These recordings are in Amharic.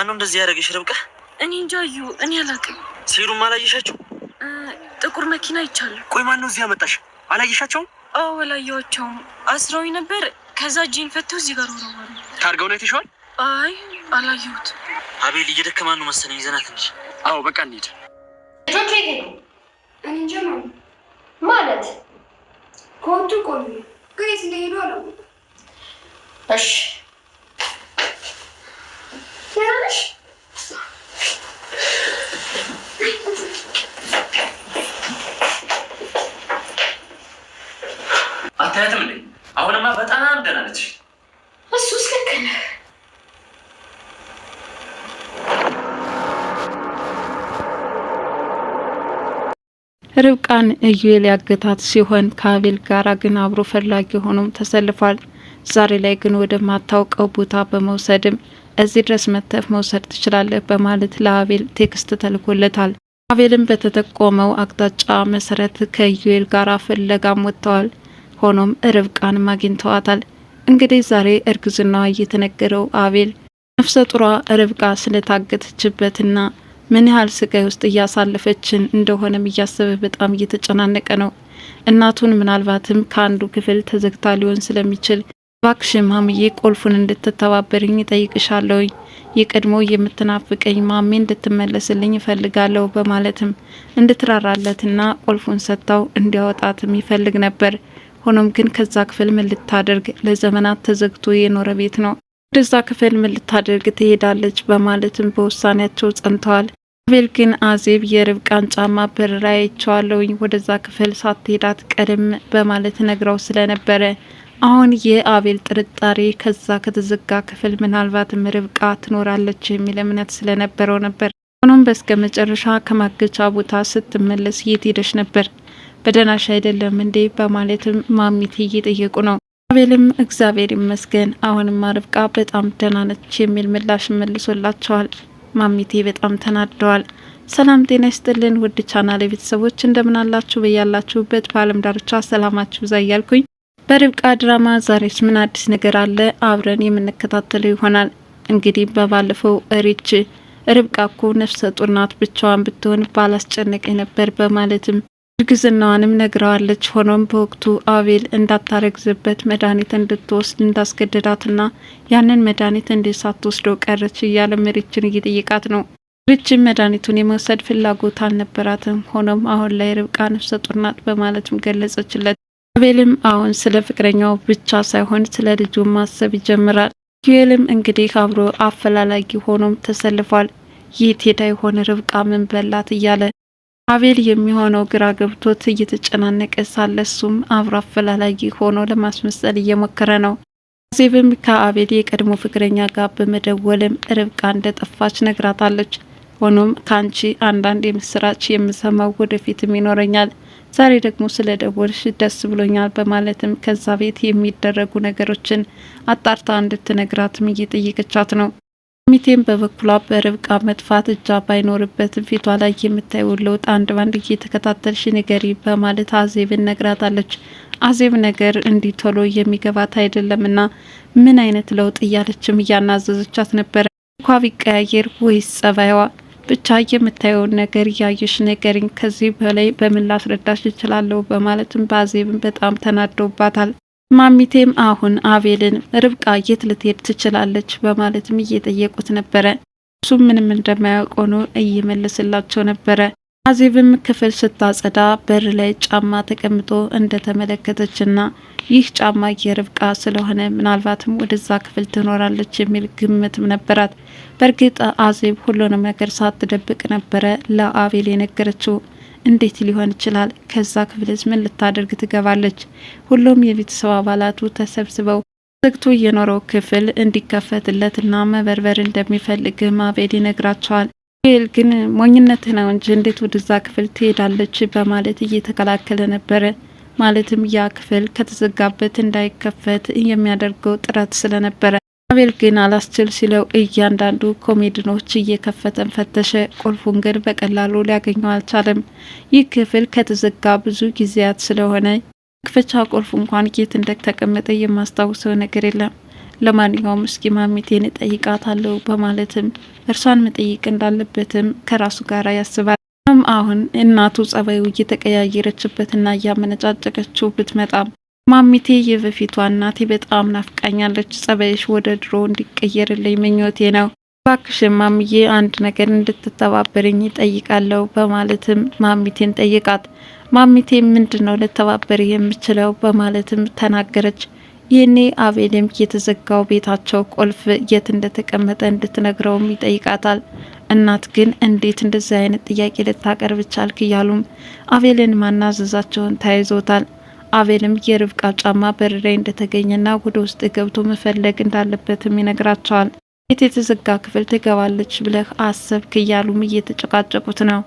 ማን ነው እንደዚህ ያደረገሽ ርብቃ? እኔ እንጃ እዩ፣ እኔ አላውቅም። ሲሄዱም አላየሻቸው? ጥቁር መኪና ይቻለሁ። ቆይ ማን ነው እዚህ ያመጣሽ? አላየሻቸውም? አዎ አላየኋቸውም። አስረው ነበር። ከዛ እጄን ፈተው እዚህ ጋር ወረወሩ። ታርገው ነው አይተሽዋል? አይ አላየሁት። አቤል እየደከማ ነው መሰለኝ፣ ይዘናት እንጂ። አዎ በቃ እንሂድ። ልጆቹ የት ሄዱ? እኔ እንጃ ማለት ከወጡ ቆዩ፣ ግን የት እንደሄዱ አላውቅም። እሺ ትችላለሽ? አታያትም እንዴ? አሁንማ በጣም ደህና ነች። እሱስ ልክ ነህ። ርብቃን ኢዩኤል ያገታት ሲሆን ከአቤል ጋራ ግን አብሮ ፈላጊ ሆኖም ተሰልፏል። ዛሬ ላይ ግን ወደማታውቀው ቦታ በመውሰድም እዚህ ድረስ መተፍ መውሰድ ትችላለህ በማለት ለአቤል ቴክስት ተልኮለታል። አቤልም በተጠቆመው አቅጣጫ መሰረት ከዩኤል ጋር ፍለጋም ወጥተዋል። ሆኖም ርብቃን አግኝተዋታል። እንግዲህ ዛሬ እርግዝናዋ እየተነገረው አቤል ነፍሰ ጡሯ ርብቃ ስለታገተችበትና ምን ያህል ስቃይ ውስጥ እያሳለፈችን እንደሆነም እያሰበ በጣም እየተጨናነቀ ነው። እናቱን ምናልባትም ከአንዱ ክፍል ተዘግታ ሊሆን ስለሚችል ባክሽ ማምዬ ቁልፉን እንድትተባበርኝ ጠይቅሻለሁ የቀድሞ የምትናፍቀኝ ማሜ እንድትመለስልኝ ፈልጋለሁ በማለትም እንድትራራለትና ቁልፉን ሰጥታው እንዲያወጣትም ይፈልግ ነበር። ሆኖም ግን ከዛ ክፍል ምን ልታደርግ ለዘመናት ተዘግቶ የኖረ ቤት ነው። ወደዛ ክፍል ምን ልታደርግ ትሄዳለች በማለትም በውሳኔያቸው ጸንተዋል። አቤል ግን አዜብ የርብቃን ጫማ በር ላይ ወደዛ ክፍል ሳትሄዳት ቀደም በማለት ነግረው ስለነበረ አሁን የአቤል ጥርጣሬ ከዛ ከተዘጋ ክፍል ምናልባትም ርብቃ ትኖራለች የሚል እምነት ስለነበረው ነበር። ሆኖም በስከ መጨረሻ ከማገቻ ቦታ ስትመለስ የት ሄደሽ ነበር? በደናሽ አይደለም እንዴ? በማለትም ማሚቴ እየጠየቁ ነው። አቤልም እግዚአብሔር ይመስገን አሁንማ ርብቃ በጣም ደህና ነች የሚል ምላሽ መልሶላቸዋል። ማሚቴ በጣም ተናደዋል። ሰላም ጤና ይስጥልን ውድ ቻናል ቤተሰቦች እንደምናላችሁ፣ በያላችሁበት በአለም ዳርቻ ሰላማችሁ ይብዛ እያልኩኝ በርብቃ ድራማ ዛሬስ ምን አዲስ ነገር አለ? አብረን የምንከታተለው ይሆናል። እንግዲህ በባለፈው ሪች ርብቃ እኮ ነፍሰ ጡር ናት፣ ብቻዋን ብትሆን ባላስጨነቀ ነበር በማለትም እርግዝናዋንም ነግረዋለች። ሆኖም በወቅቱ አቤል እንዳታረግዝበት መድኃኒት እንድትወስድ እንዳስገደዳትና ያንን መድኃኒት እንዴት ሳትወስደው ቀረች እያለ ሪችን እየጠየቃት ነው። ሪችን መድኃኒቱን የመውሰድ ፍላጎት አልነበራትም። ሆኖም አሁን ላይ ርብቃ ነፍሰ ጡር ናት በማለትም ገለጸችለት። አቤልም አሁን ስለ ፍቅረኛው ብቻ ሳይሆን ስለ ልጁ ማሰብ ይጀምራል። ዩኤልም እንግዲህ አብሮ አፈላላጊ ሆኖም ተሰልፏል። ይህ ቴዳ የሆነ ርብቃ ምን በላት እያለ አቤል የሚሆነው ግራ ገብቶት እየተጨናነቀ ሳለ እሱም አብሮ አፈላላጊ ሆኖ ለማስመሰል እየሞከረ ነው። አዜብም ከአቤል የቀድሞ ፍቅረኛ ጋር በመደወልም ርብቃ እንደጠፋች ነግራታለች። ሆኖም ከአንቺ አንዳንድ የምስራች የምሰማው ወደፊትም ይኖረኛል ዛሬ ደግሞ ስለ ደወልሽ ደስ ብሎኛል በማለትም ከዛ ቤት የሚደረጉ ነገሮችን አጣርታ እንድትነግራትም እየጠየቀቻት ነው። ሚቴም በበኩሏ በርብቃ መጥፋት እጃ ባይኖርበትም ፊቷ ላይ የምታየው ለውጥ አንድ ባንድ እየተከታተልሽ ንገሪ በማለት አዜብን ነግራታለች። አዜብ ነገር እንዲህ ቶሎ የሚገባት አይደለምና ምን አይነት ለውጥ እያለችም እያናዘዘቻት ነበር። እንኳ ቢቀያየር ወይስ ጸባይዋ ብቻ የምታየውን ነገር እያየሽ ነገርኝ፣ ከዚህ በላይ በምን ላስረዳሽ እችላለሁ? በማለትም በአዜብን በጣም ተናደውባታል። ማሚቴም አሁን አቤልን ርብቃ የት ልትሄድ ትችላለች? በማለትም እየጠየቁት ነበረ። እሱም ምንም እንደማያውቅ ሆኖ እየመለስላቸው ነበረ። አዜብም ክፍል ስታጸዳ በር ላይ ጫማ ተቀምጦ እንደተመለከተችና ይህ ጫማ የርብቃ ስለሆነ ምናልባትም ወደዛ ክፍል ትኖራለች የሚል ግምትም ነበራት። በእርግጥ አዜብ ሁሉንም ነገር ሳትደብቅ ነበረ ለአቤል የነገረችው። እንዴት ሊሆን ይችላል? ከዛ ክፍልስ ምን ልታደርግ ትገባለች? ሁሉም የቤተሰብ አባላቱ ተሰብስበው ዘግቶ የኖረው ክፍል እንዲከፈትለትና መበርበር እንደሚፈልግ አቤል ይነግራቸዋል። ል ግን ሞኝነትህ ነው እንጂ እንዴት ወደዛ ክፍል ትሄዳለች? በማለት እየተከላከለ ነበረ። ማለትም ያ ክፍል ከተዘጋበት እንዳይከፈት የሚያደርገው ጥረት ስለነበረ አቤል ግን አላስችል ሲለው እያንዳንዱ ኮሜድኖች እየከፈተን ፈተሸ። ቁልፉን ግን በቀላሉ ሊያገኘው አልቻለም። ይህ ክፍል ከተዘጋ ብዙ ጊዜያት ስለሆነ ክፈቻ ቁልፍ እንኳን የት እንደተቀመጠ የማስታውሰው ነገር የለም። ለማንኛውም እስኪ ማሚቴን እጠይቃታለሁ በማለትም እርሷን መጠየቅ እንዳለበትም ከራሱ ጋር ያስባል። አሁን እናቱ ጸባዩ እየተቀያየረችበትና እያመነጫጨቀችው ብትመጣም ማሚቴ የበፊቷ እናቴ በጣም ናፍቃኛለች፣ ጸባይሽ ወደ ድሮ እንዲቀየርልኝ ምኞቴ ነው። ባክሽን ማምዬ አንድ ነገር እንድትተባበርኝ ይጠይቃለሁ በማለትም ማሚቴን ጠይቃት። ማሚቴ ምንድን ነው ልተባበር የምችለው በማለትም ተናገረች። ይህኔ አቤልም የተዘጋው ቤታቸው ቁልፍ የት እንደተቀመጠ እንድትነግረውም ይጠይቃታል። እናት ግን እንዴት እንደዚህ አይነት ጥያቄ ልታቀርብ ቻልክ? እያሉም አቤልን ማናዘዛቸውን ተያይዞታል። አቤልም የርብቃ ጫማ በር ላይ እንደተገኘና ወደ ውስጥ ገብቶ መፈለግ እንዳለበትም ይነግራቸዋል። የት የተዘጋ ክፍል ትገባለች ብለህ አሰብክ? እያሉም እየተጨቃጨቁት ነው።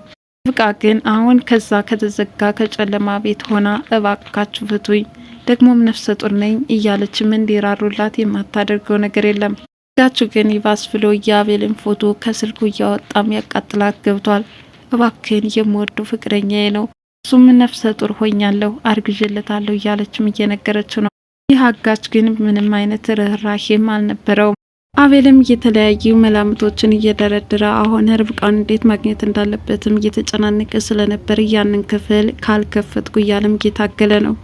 ርብቃ ግን አሁን ከዛ ከተዘጋ ከጨለማ ቤት ሆና እባካችሁ ፍቱኝ ደግሞም ነፍሰ ጡር ነኝ እያለችም እንዲራሩላት የማታደርገው ነገር የለም። ጋቹ ግን ይባስ ብሎ የአቤልን ፎቶ ከስልኩ እያወጣም ያቃጥላት ገብቷል። እባክን የምወዱ ፍቅረኛዬ ነው እሱም ነፍሰ ጡር ሆኛለሁ አርግዤለታለሁ እያለችም እየነገረችው ነው። ይህ አጋች ግን ምንም አይነት ርኅራሄም አልነበረውም። አቤልም የተለያዩ መላምቶችን እየደረደረ አሁን ርብቃን እንዴት ማግኘት እንዳለበትም እየተጨናነቀ ስለነበር ያንን ክፍል ካልከፈትኩ እያለም እየታገለ ነው።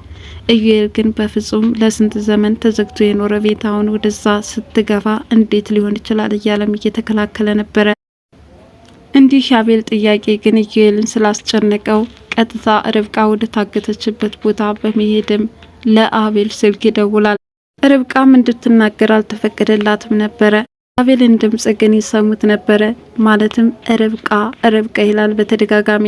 ኢዩኤል ግን በፍጹም ለስንት ዘመን ተዘግቶ የኖረ ቤት አሁን ወደዛ ስትገፋ እንዴት ሊሆን ይችላል እያለም እየተከላከለ ነበረ። እንዲህ ሻቤል ጥያቄ ግን ኢዩኤልን ስላስጨነቀው ቀጥታ ርብቃ ወደ ታገተችበት ቦታ በመሄድም ለአቤል ስልክ ይደውላል። ርብቃም እንድትናገር አልተፈቀደላትም ነበረ። አቤልን ድምጽ ግን ይሰሙት ነበረ። ማለትም ርብቃ ርብቃ ይላል በተደጋጋሚ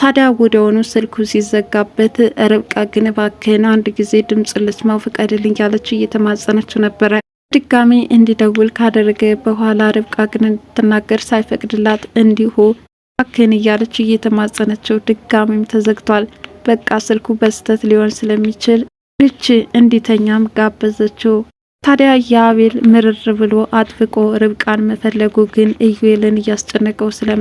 ታዲያ ወደሆኑ ስልኩ ሲዘጋበት ርብቃ ግን እባክህን አንድ ጊዜ ድምፅ ልስማው ፍቀድልኝ እያለች እየተማጸነችው ነበረ። ድጋሚ እንዲደውል ካደረገ በኋላ ርብቃ ግን እንድትናገር ሳይፈቅድላት እንዲሁ እባክህን እያለች እየተማጸነችው ድጋሚም ተዘግቷል። በቃ ስልኩ በስተት ሊሆን ስለሚችል ልች እንዲተኛም ጋበዘችው። ታዲያ የአቤል ምርር ብሎ አጥብቆ ርብቃን መፈለጉ ግን ኢዩኤልን እያስጨነቀው ስለም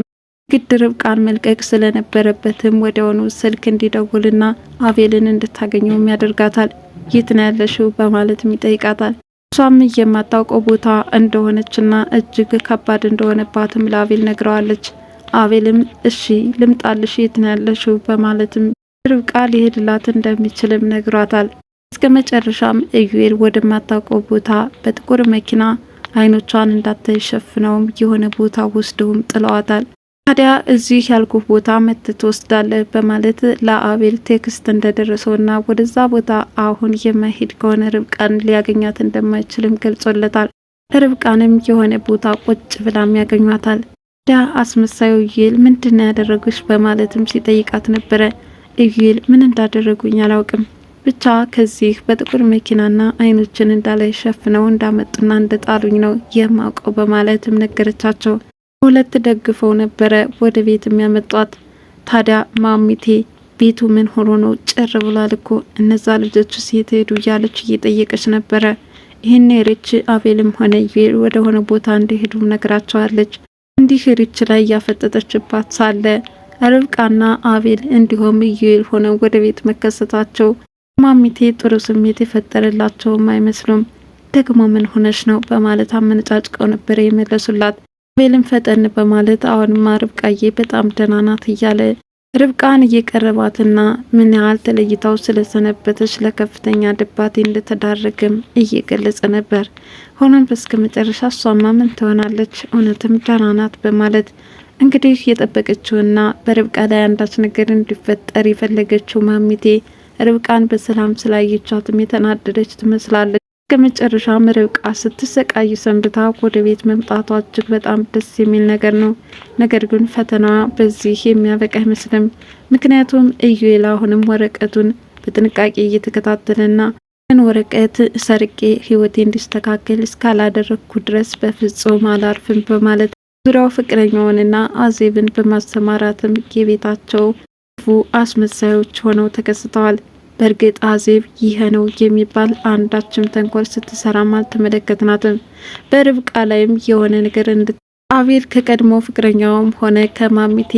ግድ ርብቃን መልቀቅ ስለነበረበትም ወዲያውኑ ስልክ እንዲደውልና አቤልን እንድታገኘውም ያደርጋታል። የት ነው ያለሽው በማለትም ይጠይቃታል። እሷም የማታውቀው ቦታ እንደሆነችና እጅግ ከባድ እንደሆነባትም ለአቤል ነግረዋለች። አቤልም እሺ ልምጣልሽ፣ የት ነው ያለሽው በማለትም ርብቃ ሊሄድላት እንደሚችልም ነግሯታል። እስከ መጨረሻም እዩኤል ወደማታውቀው ቦታ በጥቁር መኪና አይኖቿን እንዳትሸፍነውም የሆነ ቦታ ወስደውም ጥለዋታል። ታዲያ እዚህ ያልኩህ ቦታ መት ትወስዳለህ በማለት ለአቤል ቴክስት እንደደረሰውና ወደዛ ቦታ አሁን የመሄድ ከሆነ ርብቃን ሊያገኛት እንደማይችልም ገልጾለታል። ርብቃንም የሆነ ቦታ ቁጭ ብላም ያገኟታል። ዳ አስመሳዩ ይል ምንድን ያደረጉሽ በማለትም ሲጠይቃት ነበረ። እዩል ምን እንዳደረጉኝ አላውቅም ብቻ ከዚህ በጥቁር መኪናና አይኖችን እንዳላይ ሸፍነው እንዳመጡና እንደጣሉኝ ነው የማውቀው በማለትም ነገረቻቸው። ሁለት ደግፈው ነበረ ወደ ቤት የሚያመጧት። ታዲያ ማሚቴ ቤቱ ምን ሆኖ ነው ጭር ብሏል እኮ እነዛ ልጆች ሴት ሄዱ እያለች እየጠየቀች ነበረ። ይህን ሪች አቤልም ሆነ ወደ ሆነ ቦታ እንዲሄዱ ነግራቸዋለች። እንዲህ ሪች ላይ እያፈጠጠችባት ሳለ ርብቃና አቤል እንዲሁም እዩኤል ሆነ ወደ ቤት መከሰታቸው ማሚቴ ጥሩ ስሜት የፈጠረላቸውም አይመስሉም። ደግሞ ምን ሆነች ነው በማለት አመነጫጭቀው ነበር የመለሱላት። አቤልም ፈጠን በማለት አሁንማ ርብቃዬ በጣም ደህና ናት እያለ ርብቃን እየቀረባትና ምን ያህል ተለይታው ስለሰነበተች ለከፍተኛ ድባቴ እንደተዳረገም እየገለጸ ነበር። ሆኖም በስከ መጨረሻ እሷማ ምን ትሆናለች እውነትም ደህና ናት በማለት እንግዲህ የጠበቀችውና በርብቃ ላይ አንዳች ነገር እንዲፈጠር የፈለገችው ማሚቴ ርብቃን በሰላም ስላየቻትም የተናደደች ትመስላለች። ከመጨረሻም ርብቃ ስትሰቃይ ሰንብታ ወደ ቤት መምጣቷ እጅግ በጣም ደስ የሚል ነገር ነው። ነገር ግን ፈተና በዚህ የሚያበቃ አይመስልም። ምክንያቱም ኢዩኤል አሁንም ወረቀቱን በጥንቃቄ እየተከታተለና ን ወረቀት ሰርቄ ህይወቴ እንዲስተካከል እስካላደረግኩ ድረስ በፍጹም አላርፍም በማለት ዙሪያው ፍቅረኛውንና አዜብን በማሰማራትም የቤታቸው ፉ አስመሳዮች ሆነው ተከስተዋል። በእርግጥ አዜብ ይሄ ነው የሚባል አንዳችም ተንኮል ስትሰራም አልተመለከትናትም። በርብቃ ላይም የሆነ ነገር እንድ አቤል ከቀድሞ ፍቅረኛውም ሆነ ከማሚቴ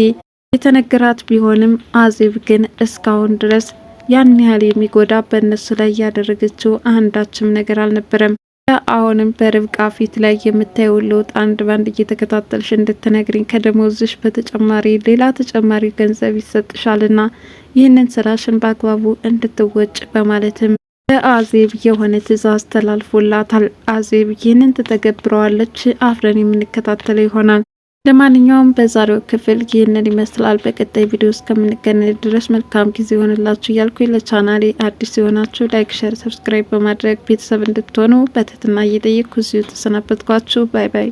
የተነገራት ቢሆንም አዜብ ግን እስካሁን ድረስ ያን ያህል የሚጎዳ በእነሱ ላይ ያደረገችው አንዳችም ነገር አልነበረም። አሁንም በርብቃ ፊት ላይ የምታየው ለውጥ አንድ ባንድ እየተከታተልሽ እንድትነግሪኝ ከደሞዝሽ በተጨማሪ ሌላ ተጨማሪ ገንዘብ ይሰጥሻልና ይህንን ስራሽን በአግባቡ እንድትወጭ በማለትም ለአዜብ የሆነ ትዕዛዝ ተላልፎላታል። አዜብ ይህንን ትተገብረዋለች። አፍረን የምንከታተለው ይሆናል። ለማንኛውም በዛሬው ክፍል ይህንን ይመስላል። በቀጣይ ቪዲዮ እስከምንገናኝ ድረስ መልካም ጊዜ ይሆንላችሁ እያልኩ ለቻናሌ አዲስ የሆናችሁ ላይክ፣ ሸር፣ ሰብስክራይብ በማድረግ ቤተሰብ እንድትሆኑ በትህትና እየጠየቅኩ እዚሁ ተሰናበትኳችሁ። ባይ ባይ።